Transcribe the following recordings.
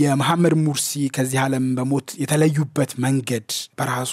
የመሐመድ ሙርሲ ከዚህ ዓለም በሞት የተለዩበት መንገድ በራሱ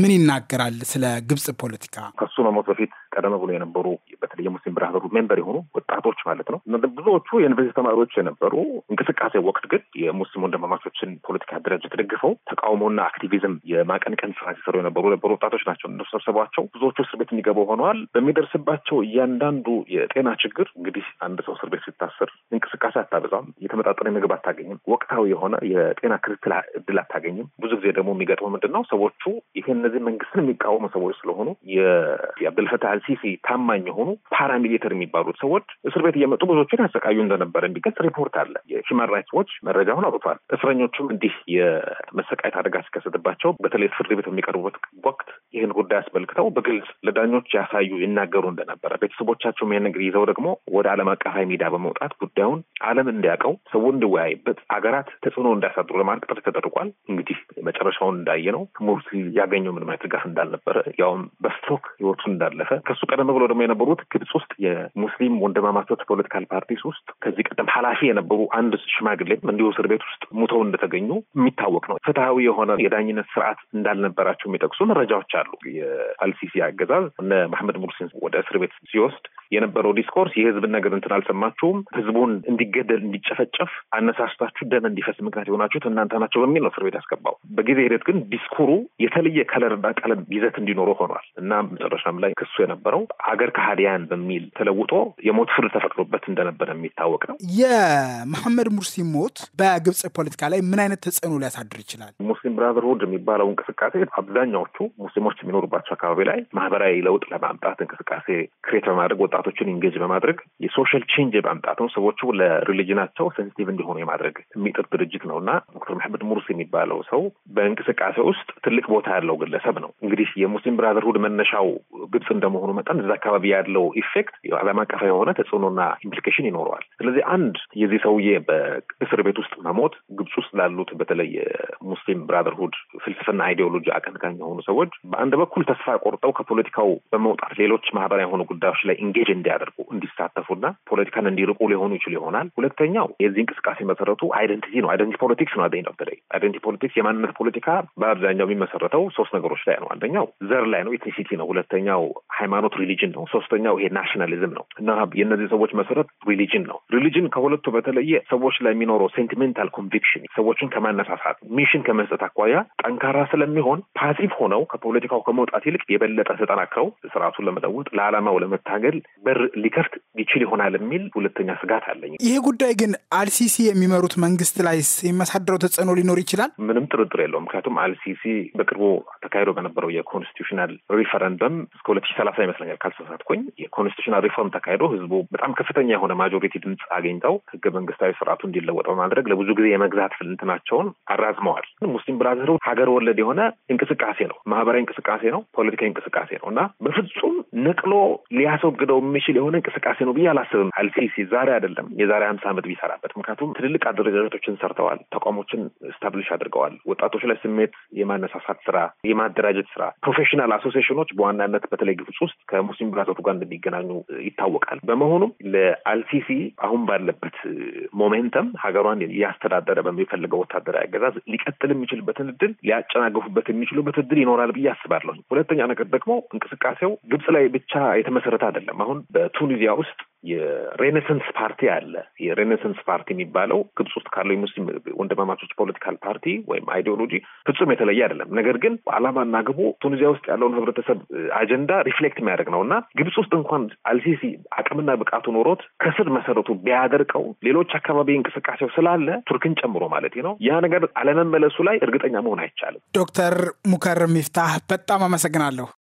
ምን ይናገራል ስለ ግብጽ ፖለቲካ? ከሱ መሞት በፊት ቀደም ብሎ የነበሩ በተለይ ሙስሊም ብራዘሩ ሜምበር የሆኑ ወጣቶች ማለት ነው ብዙዎቹ የዩኒቨርሲቲ ተማሪዎች የነበሩ እንቅስቃሴ ወቅት ግን የሙስሊም ወንድማማቾችን ፖለቲካ ድርጅት ደግፈው ተቃውሞና አክቲቪዝም የማቀንቀን ስራ ሲሰሩ የነበሩ ነበሩ ወጣቶች ናቸው። እንደሰብሰቧቸው ብዙዎቹ እስር ቤት የሚገቡ ሆነዋል። በሚደርስባቸው እያንዳንዱ የጤና ችግር እንግዲህ አንድ ሰው እስር ቤት ሲታስር እንቅስቃሴ አታበዛም፣ የተመጣጠነ ምግብ አታገኝም፣ ወቅት ወቅታዊ የሆነ የጤና ክትትል እድል አታገኝም። ብዙ ጊዜ ደግሞ የሚገጥመው ምንድን ነው ሰዎቹ ይህ እነዚህ መንግስትን የሚቃወሙ ሰዎች ስለሆኑ የአብደልፈታህ አልሲሲ ታማኝ የሆኑ ፓራሚሊተር የሚባሉት ሰዎች እስር ቤት እየመጡ ብዙዎችን ያሰቃዩ እንደነበረ የሚገልጽ ሪፖርት አለ። የሂውማን ራይትስ ዎች መረጃውን አውጥቷል። እስረኞቹም እንዲህ የመሰቃየት አደጋ ሲከሰትባቸው በተለይ ፍርድ ቤት የሚቀርቡበት ወቅት ይህን ጉዳይ አስመልክተው በግልጽ ለዳኞች ያሳዩ ይናገሩ እንደነበረ ቤተሰቦቻቸውም ይህን ነገር ይዘው ደግሞ ወደ ዓለም አቀፋዊ ሜዳ በመውጣት ጉዳዩን ዓለም እንዲያውቀው፣ ሰው እንዲወያይበት፣ አገራት ተጽዕኖ እንዳያሳድሩ ለማድረግ ጥረት ተደርጓል። እንግዲህ መጨረሻውን እንዳየ ነው ሙርሲ ያገኘው ምንም አይነት ድጋፍ እንዳልነበረ ያውም በስትሮክ ህይወቱን እንዳለፈ ከሱ ቀደም ብሎ ደግሞ የነበሩት ግብጽ ውስጥ የሙስሊም ወንድማማቾች ፖለቲካል ፓርቲስ ውስጥ ከዚህ ቀደም ኃላፊ የነበሩ አንድ ሽማግሌም እንዲሁ እስር ቤት ውስጥ ሙተው እንደተገኙ የሚታወቅ ነው። ፍትሐዊ የሆነ የዳኝነት ስርዓት እንዳልነበራቸው የሚጠቅሱ መረጃዎች አሉ። ያውቃሉ። የአልሲሲ አገዛዝ እነ መሐመድ ሙርሲን ወደ እስር ቤት ሲወስድ የነበረው ዲስኮርስ የህዝብን ነገር እንትን አልሰማችሁም፣ ህዝቡን እንዲገደል እንዲጨፈጨፍ አነሳስታችሁ ደም እንዲፈስ ምክንያት የሆናችሁት እናንተ ናቸው በሚል ነው እስር ቤት ያስገባው። በጊዜ ሂደት ግን ዲስኩሩ የተለየ ከለርና ቀለም ይዘት እንዲኖረው ሆኗል እና መጨረሻም ላይ ክሱ የነበረው ሀገር ከሃዲያን በሚል ተለውጦ የሞት ፍርድ ተፈቅዶበት እንደነበረ የሚታወቅ ነው። የመሐመድ ሙርሲ ሞት በግብጽ ፖለቲካ ላይ ምን አይነት ተጽዕኖ ሊያሳድር ይችላል? ሙስሊም ብራዘርሁድ የሚባለው እንቅስቃሴ አብዛኛዎቹ ሙስሊሞች ወጣቶች የሚኖሩባቸው አካባቢ ላይ ማህበራዊ ለውጥ ለማምጣት እንቅስቃሴ ክሬት በማድረግ ወጣቶችን ኢንጌጅ በማድረግ የሶሻል ቼንጅ በማምጣት ነው። ሰዎቹ ለሪሊጅናቸው ሴንሲቲቭ እንዲሆኑ የማድረግ የሚጥር ድርጅት ነው እና ዶክተር መሐመድ ሙርስ የሚባለው ሰው በእንቅስቃሴ ውስጥ ትልቅ ቦታ ያለው ግለሰብ ነው። እንግዲህ የሙስሊም ብራዘርሁድ መነሻው ግብጽ እንደመሆኑ መጠን እዛ አካባቢ ያለው ኢፌክት ዓለም አቀፍ የሆነ ተጽዕኖና ኢምፕሊኬሽን ይኖረዋል። ስለዚህ አንድ የዚህ ሰውዬ በእስር ቤት ውስጥ መሞት ግብጽ ውስጥ ላሉት በተለይ የሙስሊም ብራዘርሁድ ፍልስፍና አይዲዮሎጂ አቀንቃኝ የሆኑ ሰዎች በአንድ በኩል ተስፋ ቆርጠው ከፖለቲካው በመውጣት ሌሎች ማህበራዊ የሆኑ ጉዳዮች ላይ ኢንጌጅ እንዲያደርጉ እንዲሳተፉና ፖለቲካን እንዲርቁ ሊሆኑ ይችሉ ይሆናል። ሁለተኛው የዚህ እንቅስቃሴ መሰረቱ አይደንቲቲ ነው። አይደንቲ ፖለቲክስ ነው። አደኝ በተለይ አይደንቲ ፖለቲክስ የማንነት ፖለቲካ በአብዛኛው የሚመሰረተው ሶስት ነገሮች ላይ ነው። አንደኛው ዘር ላይ ነው፣ ኢትኒሲቲ ነው። ሁለተኛው ሃይማኖት ሪሊጅን ነው። ሶስተኛው ይሄ ናሽናሊዝም ነው እና የእነዚህ ሰዎች መሰረት ሪሊጅን ነው። ሪሊጅን ከሁለቱ በተለየ ሰዎች ላይ የሚኖረው ሴንቲሜንታል ኮንቪክሽን ሰዎችን ከማነሳሳት ሚሽን ከመስጠት አኳያ ጠንካራ ስለሚሆን ፓሲቭ ሆነው ከፖለቲ ከፖለቲካው ከመውጣት ይልቅ የበለጠ ተጠናክረው ስርዓቱን ለመለወጥ ለዓላማው ለመታገል በር ሊከፍት ይችል ይሆናል የሚል ሁለተኛ ስጋት አለኝ። ይሄ ጉዳይ ግን አልሲሲ የሚመሩት መንግስት ላይ የሚያሳድረው ተጽዕኖ ሊኖር ይችላል? ምንም ጥርጥር የለውም። ምክንያቱም አልሲሲ በቅርቡ ተካሂዶ በነበረው የኮንስቲቱሽናል ሪፈረንደም እስከ ሁለት ሺ ሰላሳ ይመስለኛል ካልተሳሳትኩኝ የኮንስቲቱሽናል ሪፎርም ተካሂዶ ህዝቡ በጣም ከፍተኛ የሆነ ማጆሪቲ ድምፅ አግኝተው ህገ መንግስታዊ ስርዓቱ እንዲለወጥ በማድረግ ለብዙ ጊዜ የመግዛት ፍልንትናቸውን አራዝመዋል። ሙስሊም ብራዘርሁድ ሀገር ወለድ የሆነ እንቅስቃሴ ነው። ማህበራዊ እንቅስቃሴ ነው፣ ፖለቲካዊ እንቅስቃሴ ነው እና በፍጹም ነቅሎ ሊያስወግደው የሚችል የሆነ እንቅስቃሴ ነው ብዬ አላስብም። አልሲሲ ዛሬ አይደለም የዛሬ ሀምሳ ዓመት ቢሰራበት፣ ምክንያቱም ትልልቅ አደረጃጀቶችን ሰርተዋል፣ ተቋሞችን ስታብሊሽ አድርገዋል። ወጣቶች ላይ ስሜት የማነሳሳት ስራ፣ የማደራጀት ስራ፣ ፕሮፌሽናል አሶሲሽኖች በዋናነት በተለይ ግብጽ ውስጥ ከሙስሊም ብራዘርሁድ ጋር እንደሚገናኙ ይታወቃል። በመሆኑም ለአልሲሲ አሁን ባለበት ሞሜንተም ሀገሯን እያስተዳደረ በሚፈልገው ወታደራዊ አገዛዝ ሊቀጥል የሚችልበትን እድል ሊያጨናገፉበት የሚችሉበት እድል ይኖራል ብዬ አስባለሁ። አስባለሁ። ሁለተኛ ነገር ደግሞ እንቅስቃሴው ግብጽ ላይ ብቻ የተመሰረተ አይደለም። አሁን በቱኒዚያ ውስጥ የሬኔሰንስ ፓርቲ አለ። የሬኔሰንስ ፓርቲ የሚባለው ግብጽ ውስጥ ካለው የሙስሊም ወንድማማቾች ፖለቲካል ፓርቲ ወይም አይዲዮሎጂ ፍጹም የተለየ አይደለም። ነገር ግን አላማና ግቡ ቱኒዚያ ውስጥ ያለውን ህብረተሰብ አጀንዳ ሪፍሌክት የሚያደርግ ነው እና ግብጽ ውስጥ እንኳን አልሲሲ አቅምና ብቃቱ ኖሮት ከስር መሰረቱ ቢያደርቀው ሌሎች አካባቢ እንቅስቃሴው ስላለ ቱርክን ጨምሮ ማለት ነው ያ ነገር አለመመለሱ ላይ እርግጠኛ መሆን አይቻልም። ዶክተር ሙከር ሚፍታህ በጣም አመሰግናለሁ።